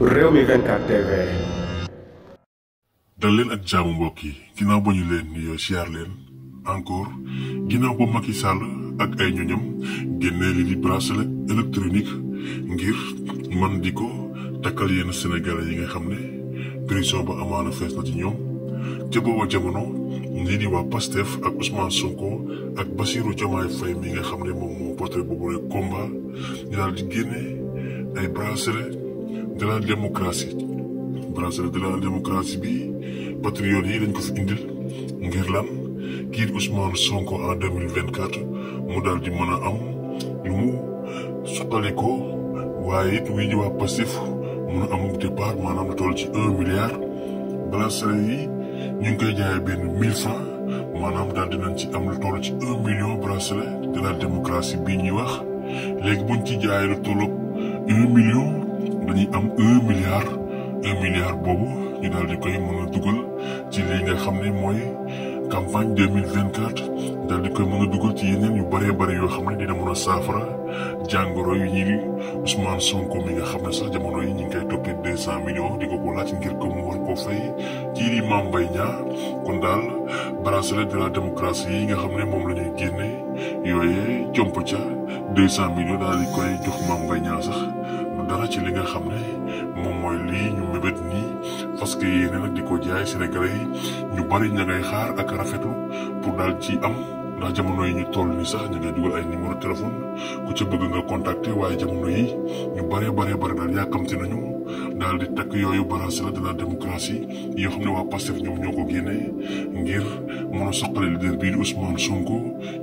Rewmi dal leen ak jaamu mbokk yi ginnaaw ba ñu leen nuyoo siyaar leen encore ginnaaw ba Macky Sall ak ay ñoñam génnee li di bracelet électronique ngir man di ko takkal yenn Sénégalais yi nga xam ne prison ba amaana fees na ci ñoom te booba jamono. lii di waa Pastef ak Ousmane Sonko ak Bassirou Diomaye Faye mi nga xam ne moom moo porté boobu rek combat ñu di génne ay bracelet dalal démocratie brasserie dalal démocratie bi patriote yi dañ ko fi indil ngir lan kii Ousmane Sonko en 2024 mu dal di mëna am lu mu suqali ko waaye it wii ñu waa Pastef mun a am départ maanaam lu toll ci 1 milliard brasserie yi ñu ngi koy jaay benn 1000 francs maanaam daal dinañ ci am lu toll ci 1 million bracelet de la démocratie bi ñuy wax léegi buñ ci jaay lu tolloog 1 million dañuy am un milliard un milliard boobu ñu daal di koy mën a dugal ci lii nga xam ne mooy campagne deux di koy mën a dugal ci yeneen yu bëree bëri yoo xam ne dina mën a saafara jàngoro yi ñu ngi koy toppee deux di ko ko laaj ngir ko mu war koo fay ci di Mame kon daal bracelet de la démocratie yi nga xam ne moom la ñuy génne yooyee comp ca deux daal di koy jox Mame Mbaye sax. ci li nga xam ne moom mooy lii ñu mébét nii parce que yéene nag di ko jaay sénégalais yi ñu bari ña ngay xaar ak rafetlu pour daal ci am ndax jamono yi ñu toll ni sax ñu ngay dugal ay numéro téléphone ku ca bëgg nga contacter waaye jamono yi ñu bëree bëree bëri daal yàkkamti nañu daal di takk yooyu balance la de la démocratie yoo xam ne waa Pastef ñoom ñoo ko génnee ngir mën a soqale leader bii di Ousmane Sonko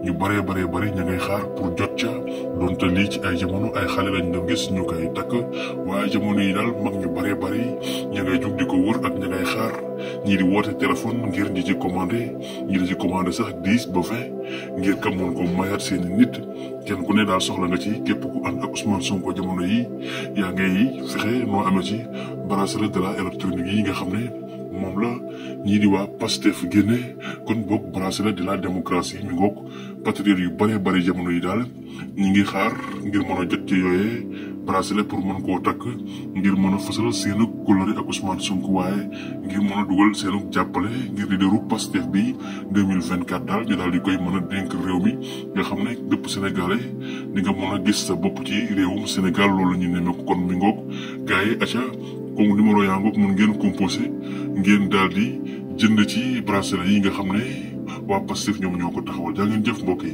ñu bëree bëree bëri ñu ngay xaar pour jot ca donte ci ay jamono ay xale lañ doon gis ñu koy takk waaye jamono yi daal mag ñu bëree bëri ñu ngay jug di ko wër ak ñu ngay xaar. ñii di woote téléphone ngir ñi ci commandé ñii ci commandé sax dix bo vingt ngir ka mun ko mayaat seeni nit kenn ku daal soxla nga ci képp ku ànd ak Ousmane Sonko jamono yi yaa ngay fexe noo amee ci bracelet de la électronique yi nga xam ne moom la ñii di wa Pastef génne kon bok branché la de la démocratie mi ngok patriote yu bari bari jamono yi dal ñi ngi xaar ngir mën a jot ci yooyee la pour mën ko tak ngir mën a fësal seenu kóllëre ak Ousmane Sonko waye ngir mën duggal dugal seenu jàppale ngir leaderu Pastef bi 2024 dal ñu dal di koy mëna a dénk réew mi nga xamné depp sénégalais di nga mëna gis sa bop ci réewum Sénégal loolu ñu ko kon mi ngok gaay acha comme numéro yaa ngoog mun ngeen composé ngeen daal di jënd ci bracelet yi nga xam ne waa Pastef ñoom ñoo ko taxawal jaa ngeen jëf mbokk yi.